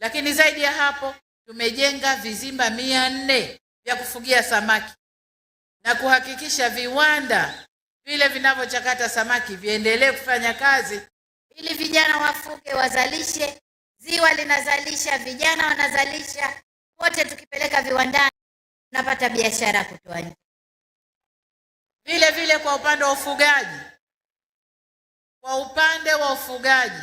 Lakini zaidi ya hapo tumejenga vizimba mia nne vya kufugia samaki na kuhakikisha viwanda vile vinavyochakata samaki viendelee kufanya kazi ili vijana wafuge, wazalishe. Ziwa linazalisha, vijana wanazalisha, wote tukipeleka viwandani tunapata biashara kutoa nje. Vile vile kwa upande wa ufugaji, kwa upande wa ufugaji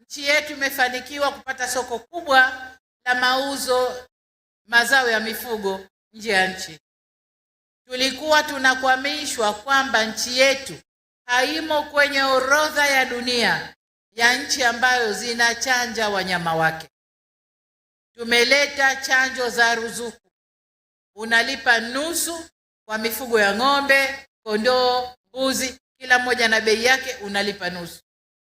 Nchi yetu imefanikiwa kupata soko kubwa la mauzo mazao ya mifugo nje ya nchi. Tulikuwa tunakwamishwa kwamba nchi yetu haimo kwenye orodha ya dunia ya nchi ambayo zinachanja wanyama wake. Tumeleta chanjo za ruzuku, unalipa nusu kwa mifugo ya ng'ombe, kondoo, mbuzi, kila mmoja na bei yake, unalipa nusu.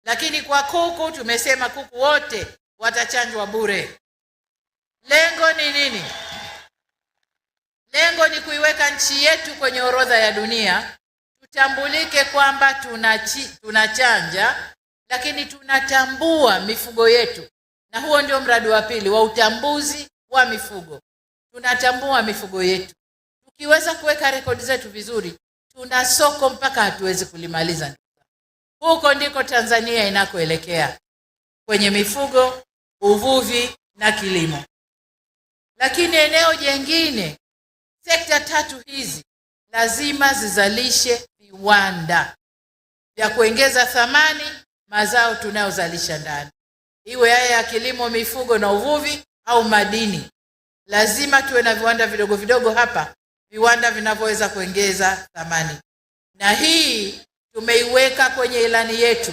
Lakini kwa kuku tumesema kuku wote watachanjwa bure. Lengo ni nini? Lengo ni kuiweka nchi yetu kwenye orodha ya dunia, tutambulike kwamba tunachi, tunachanja lakini tunatambua mifugo yetu, na huo ndio mradi wa pili wa utambuzi wa mifugo. Tunatambua mifugo yetu, tukiweza kuweka rekodi zetu vizuri, tuna soko mpaka hatuwezi kulimaliza. Huko ndiko Tanzania inakoelekea kwenye mifugo, uvuvi na kilimo. Lakini eneo jengine, sekta tatu hizi lazima zizalishe viwanda vya kuongeza thamani mazao tunayozalisha ndani, iwe haya ya kilimo, mifugo na uvuvi au madini. Lazima tuwe na viwanda vidogo vidogo hapa, viwanda vinavyoweza kuongeza thamani, na hii Tumeiweka kwenye ilani yetu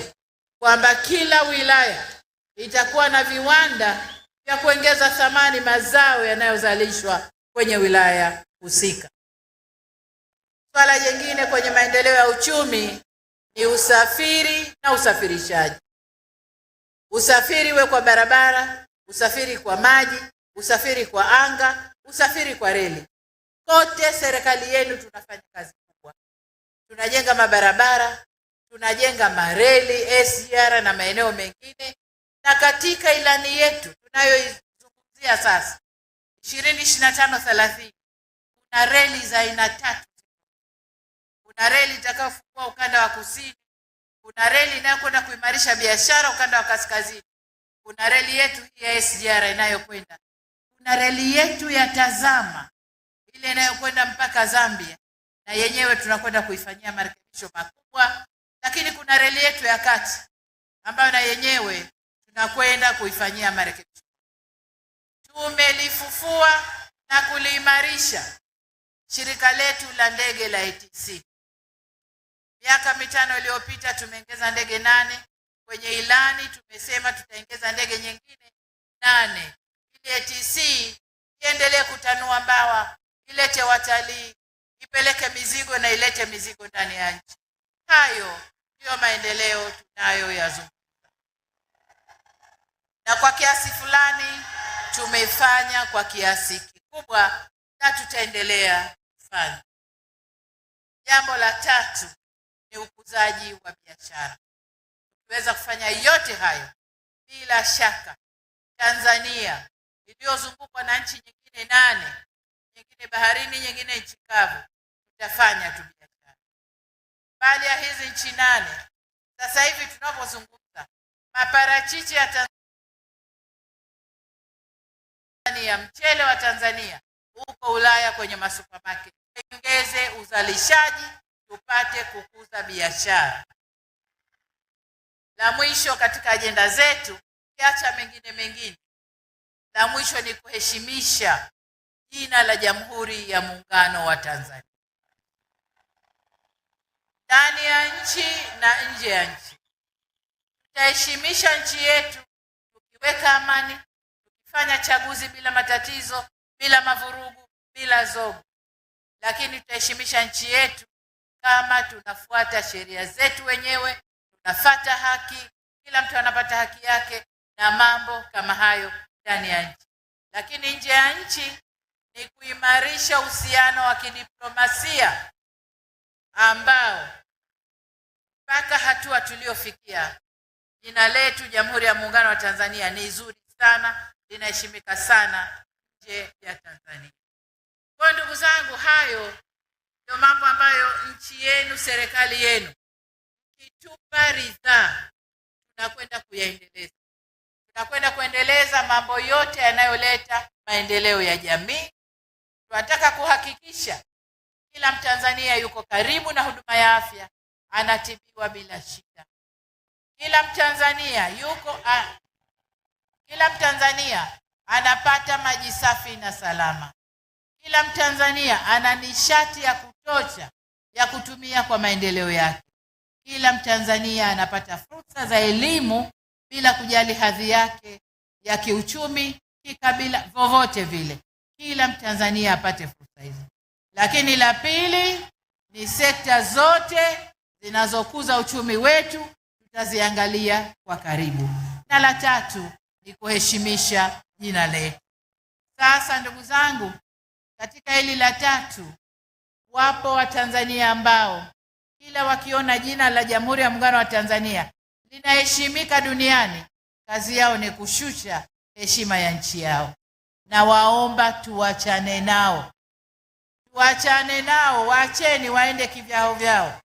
kwamba kila wilaya itakuwa na viwanda vya kuongeza thamani mazao yanayozalishwa kwenye wilaya husika. Swala jingine kwenye maendeleo ya uchumi ni usafiri na usafirishaji. Usafiri uwe kwa barabara, usafiri kwa maji, usafiri kwa anga, usafiri kwa reli. Kote serikali yenu tunafanya kazi tunajenga mabarabara, tunajenga mareli SGR na maeneo mengine. Na katika ilani yetu tunayoizungumzia sasa 2025 ishirini na kuna reli za aina tatu. Kuna reli itakayofungua ukanda wa kusini, kuna reli inayokwenda kuimarisha biashara ukanda wa kaskazini, kuna reli yetu hii ya SGR inayokwenda, kuna reli yetu ya Tazama ile inayokwenda mpaka Zambia na yenyewe tunakwenda kuifanyia marekebisho makubwa, lakini kuna reli yetu ya kati ambayo na yenyewe tunakwenda kuifanyia marekebisho. Tumelifufua na kuliimarisha shirika letu la ndege la ATC. Miaka mitano iliyopita tumeongeza ndege nane kwenye ilani, tumesema tutaongeza ndege nyingine nane ili ATC iendelee kutanua mbawa, ilete watalii ipeleke mizigo na ilete mizigo ndani ya nchi. Hayo ndiyo maendeleo tunayoyazungumza, na kwa kiasi fulani tumefanya kwa kiasi kikubwa na tutaendelea kufanya. Jambo la tatu ni ukuzaji wa biashara. Tukiweza kufanya yote hayo, bila shaka Tanzania iliyozungukwa na nchi nyingine nane, nyingine baharini, nyingine nchi kavu, tutafanya tu biashara. Mbali ya hizi nchi nane, sasa hivi tunapozungumza, maparachichi ya Tanzania, mchele wa Tanzania uko Ulaya kwenye masupermarket. Tuongeze uzalishaji tupate kukuza biashara. La mwisho katika ajenda zetu, kiacha mengine mengine, la mwisho ni kuheshimisha jina la Jamhuri ya Muungano wa Tanzania ndani ya nchi na nje ya nchi. Tutaheshimisha nchi yetu tukiweka amani, tukifanya chaguzi bila matatizo, bila mavurugu, bila zogo, lakini tutaheshimisha nchi yetu kama tunafuata sheria zetu wenyewe, tunafata haki, kila mtu anapata haki yake na mambo kama hayo ndani ya nchi. Lakini nje ya nchi ni kuimarisha uhusiano wa kidiplomasia ambao mpaka hatua tuliyofikia. Jina letu Jamhuri ya Muungano wa Tanzania ni zuri sana, linaheshimika sana nje ya Tanzania. Kwa ndugu zangu, hayo ndio mambo ambayo nchi yenu, serikali yenu kitupa ridhaa, tunakwenda kuyaendeleza. Tunakwenda kuendeleza mambo yote yanayoleta maendeleo ya jamii. Tunataka kuhakikisha kila Mtanzania yuko karibu na huduma ya afya anatibiwa bila shida. Kila Mtanzania yuko a, kila Mtanzania anapata maji safi na salama. Kila Mtanzania ana nishati ya kutosha ya kutumia kwa maendeleo yake. Kila Mtanzania anapata fursa za elimu bila kujali hadhi yake ya kiuchumi, kikabila, vovote vile, kila Mtanzania apate fursa hizo Lakini la pili ni sekta zote zinazokuza uchumi wetu tutaziangalia kwa karibu, na la tatu ni kuheshimisha jina letu. Sasa ndugu zangu, katika hili la tatu, wapo Watanzania ambao kila wakiona jina la Jamhuri ya Muungano wa Tanzania linaheshimika duniani, kazi yao ni kushusha heshima ya nchi yao, na waomba tuwachane nao, tuwachane nao, waacheni waende kivyao vyao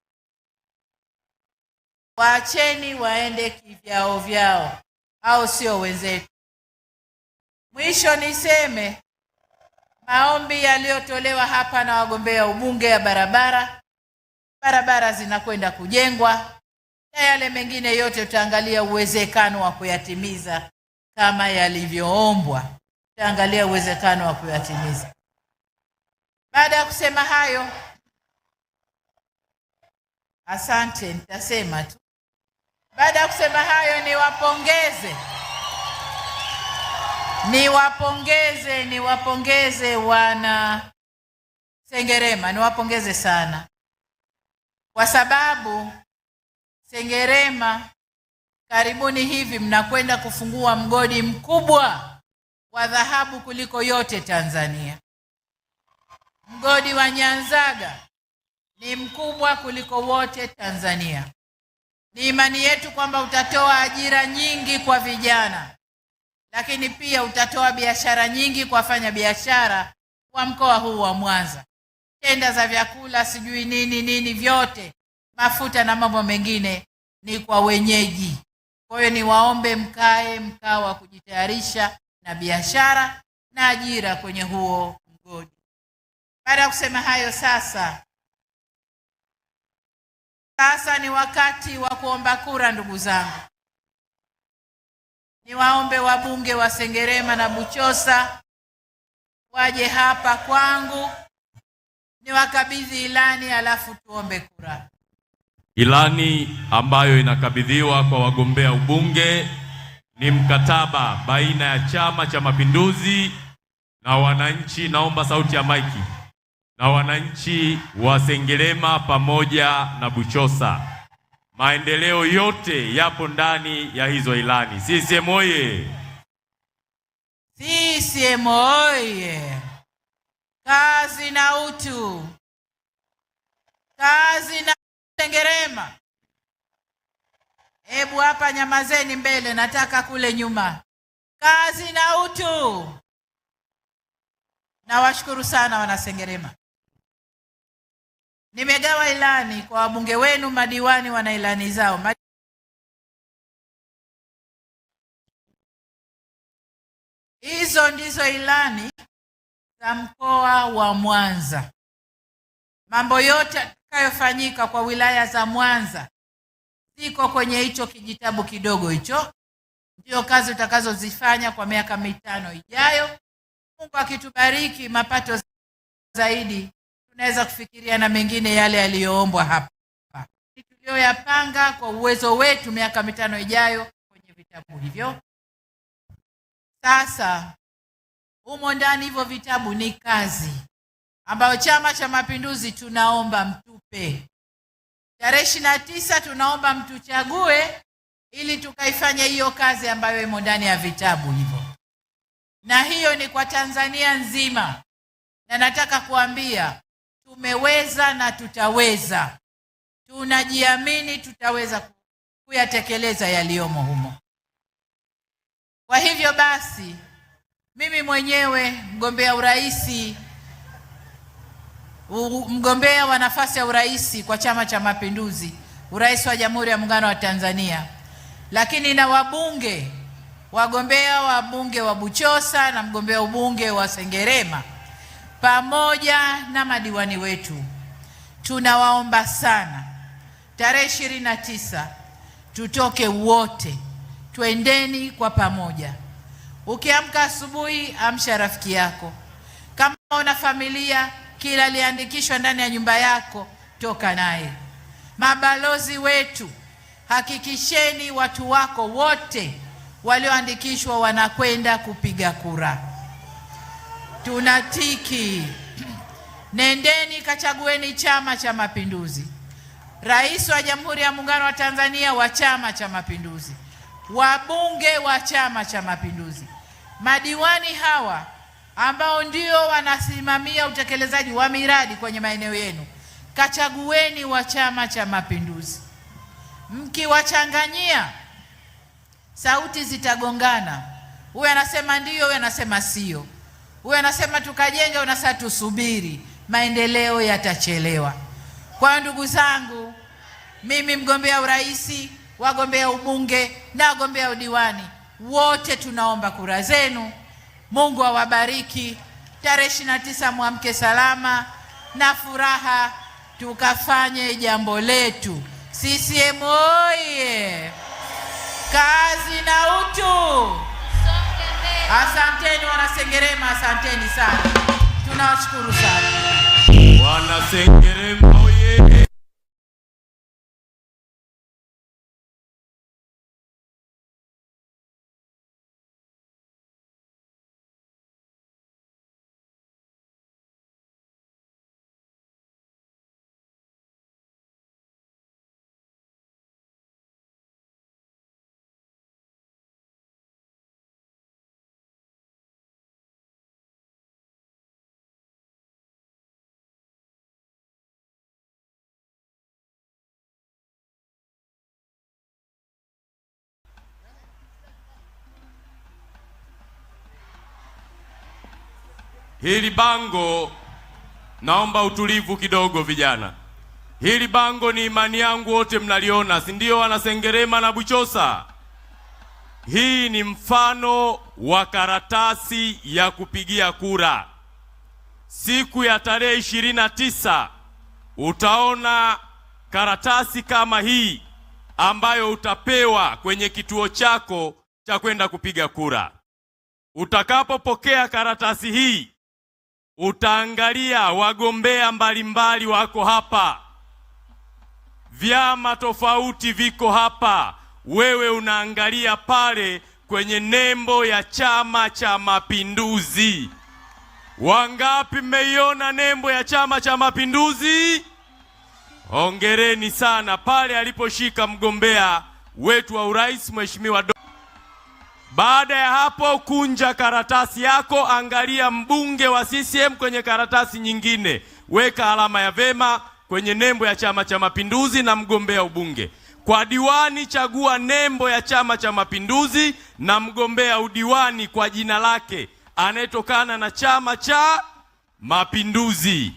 waacheni waende kivyao vyao, au sio wenzetu? Mwisho niseme maombi yaliyotolewa hapa na wagombea ubunge ya barabara, barabara zinakwenda kujengwa na yale mengine yote utaangalia uwezekano wa kuyatimiza kama yalivyoombwa, utaangalia uwezekano wa kuyatimiza. Baada ya kusema hayo, asante, nitasema tu baada ya kusema hayo, niwapongeze niwapongeze niwapongeze wana Sengerema, niwapongeze sana kwa sababu Sengerema karibuni hivi mnakwenda kufungua mgodi mkubwa wa dhahabu kuliko yote Tanzania. Mgodi wa Nyanzaga ni mkubwa kuliko wote Tanzania. Ni imani yetu kwamba utatoa ajira nyingi kwa vijana, lakini pia utatoa biashara nyingi kwa wafanya biashara wa mkoa huu wa Mwanza, tenda za vyakula, sijui nini nini, vyote mafuta na mambo mengine ni kwa wenyeji. Kwa hiyo niwaombe mkae mkao wa kujitayarisha na biashara na ajira kwenye huo mgodi. Baada ya kusema hayo sasa sasa ni wakati wa kuomba kura, ndugu zangu. Niwaombe wabunge wa Sengerema na Buchosa waje hapa kwangu niwakabidhi ilani, alafu tuombe kura. Ilani ambayo inakabidhiwa kwa wagombea ubunge ni mkataba baina ya Chama cha Mapinduzi na wananchi. Naomba sauti ya maiki na wananchi wa Sengerema pamoja na Buchosa. Maendeleo yote yapo ndani ya hizo ilani. CCM oye! CCM oye! Kazi na utu, kazi na Sengerema. Hebu hapa nyamazeni mbele, nataka kule nyuma. Kazi na utu. Nawashukuru sana Wanasengerema. Nimegawa ilani kwa wabunge wenu, madiwani wana ilani zao. Hizo ndizo ilani za mkoa wa Mwanza. Mambo yote yatakayofanyika kwa wilaya za Mwanza ziko kwenye hicho kijitabu kidogo hicho. Ndio kazi utakazozifanya kwa miaka mitano ijayo, Mungu akitubariki mapato zaidi naweza kufikiria na mengine yale yaliyoombwa hapa tuliyoyapanga kwa uwezo wetu miaka mitano ijayo kwenye vitabu hivyo. Sasa humo ndani hivyo vitabu ni kazi ambayo Chama cha Mapinduzi tunaomba mtupe tarehe ishirini na tisa, tunaomba mtuchague ili tukaifanye hiyo kazi ambayo imo ndani ya vitabu hivyo, na hiyo ni kwa Tanzania nzima, na nataka kuambia tumeweza na tutaweza, tunajiamini tutaweza kuyatekeleza yaliyomo humo. Kwa hivyo basi, mimi mwenyewe mgombea urais, mgombea wa nafasi ya urais kwa Chama cha Mapinduzi, urais wa Jamhuri ya Muungano wa Tanzania, lakini na wabunge, wagombea wa bunge wa Buchosa na mgombea ubunge wa Sengerema pamoja na madiwani wetu, tunawaomba sana, tarehe ishirini na tisa tutoke wote, twendeni kwa pamoja. Ukiamka asubuhi, amsha rafiki yako. Kama una familia, kila aliandikishwa ndani ya nyumba yako, toka naye. Mabalozi wetu, hakikisheni watu wako wote walioandikishwa wanakwenda kupiga kura tunatiki. Nendeni kachagueni Chama cha Mapinduzi, Rais wa Jamhuri ya Muungano wa Tanzania wa Chama cha Mapinduzi, wabunge wa Chama cha Mapinduzi, madiwani hawa ambao ndio wanasimamia utekelezaji wa miradi kwenye maeneo yenu, kachagueni wa Chama cha Mapinduzi. Mkiwachanganyia sauti zitagongana, huyu anasema ndio, huyu anasema sio. Huyu anasema tukajenge, unasema tusubiri, maendeleo yatachelewa. Kwa hiyo ndugu zangu, mimi mgombea urais, wagombea ubunge na wagombea udiwani wote tunaomba kura zenu. Mungu awabariki. Tarehe ishirini na tisa mwamke salama na furaha, tukafanye jambo letu. CCM oye! Kazi na utu! Asanteni wanasengerema, asanteni sana, tunawashukuru sana wanasengerema. Hili bango naomba utulivu kidogo vijana. Hili bango ni imani yangu, wote mnaliona, si ndio? Wanasengerema na Buchosa, hii ni mfano wa karatasi ya kupigia kura. Siku ya tarehe ishirini na tisa utaona karatasi kama hii ambayo utapewa kwenye kituo chako cha kwenda kupiga kura. Utakapopokea karatasi hii Utaangalia wagombea mbalimbali wako hapa, vyama tofauti viko hapa, wewe unaangalia pale kwenye nembo ya Chama cha Mapinduzi. Wangapi mmeiona nembo ya Chama cha Mapinduzi? Hongereni sana pale aliposhika mgombea wetu wa urais Mheshimiwa baada ya hapo, kunja karatasi yako, angalia mbunge wa CCM kwenye karatasi nyingine, weka alama ya vema kwenye nembo ya Chama cha Mapinduzi na mgombea ubunge. Kwa diwani, chagua nembo ya Chama cha Mapinduzi na mgombea udiwani kwa jina lake anayetokana na Chama cha Mapinduzi.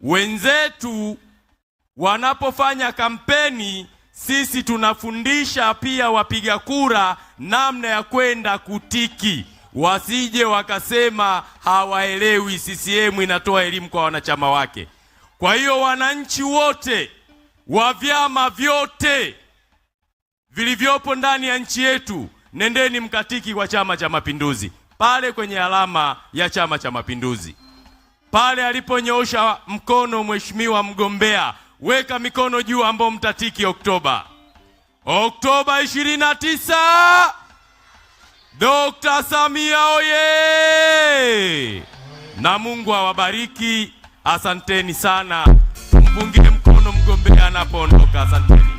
Wenzetu wanapofanya kampeni sisi tunafundisha pia wapiga kura namna ya kwenda kutiki, wasije wakasema hawaelewi. CCM inatoa elimu kwa wanachama wake. Kwa hiyo wananchi wote wa vyama vyote vilivyopo ndani ya nchi yetu, nendeni mkatiki kwa Chama cha Mapinduzi pale kwenye alama ya Chama cha Mapinduzi pale aliponyoosha mkono mheshimiwa mgombea weka mikono juu ambao mtatiki Oktoba, Oktoba 29. Dr. Samia oye! Na Mungu awabariki. Asanteni sana, mpungie mkono mgombea anapoondoka. Asanteni.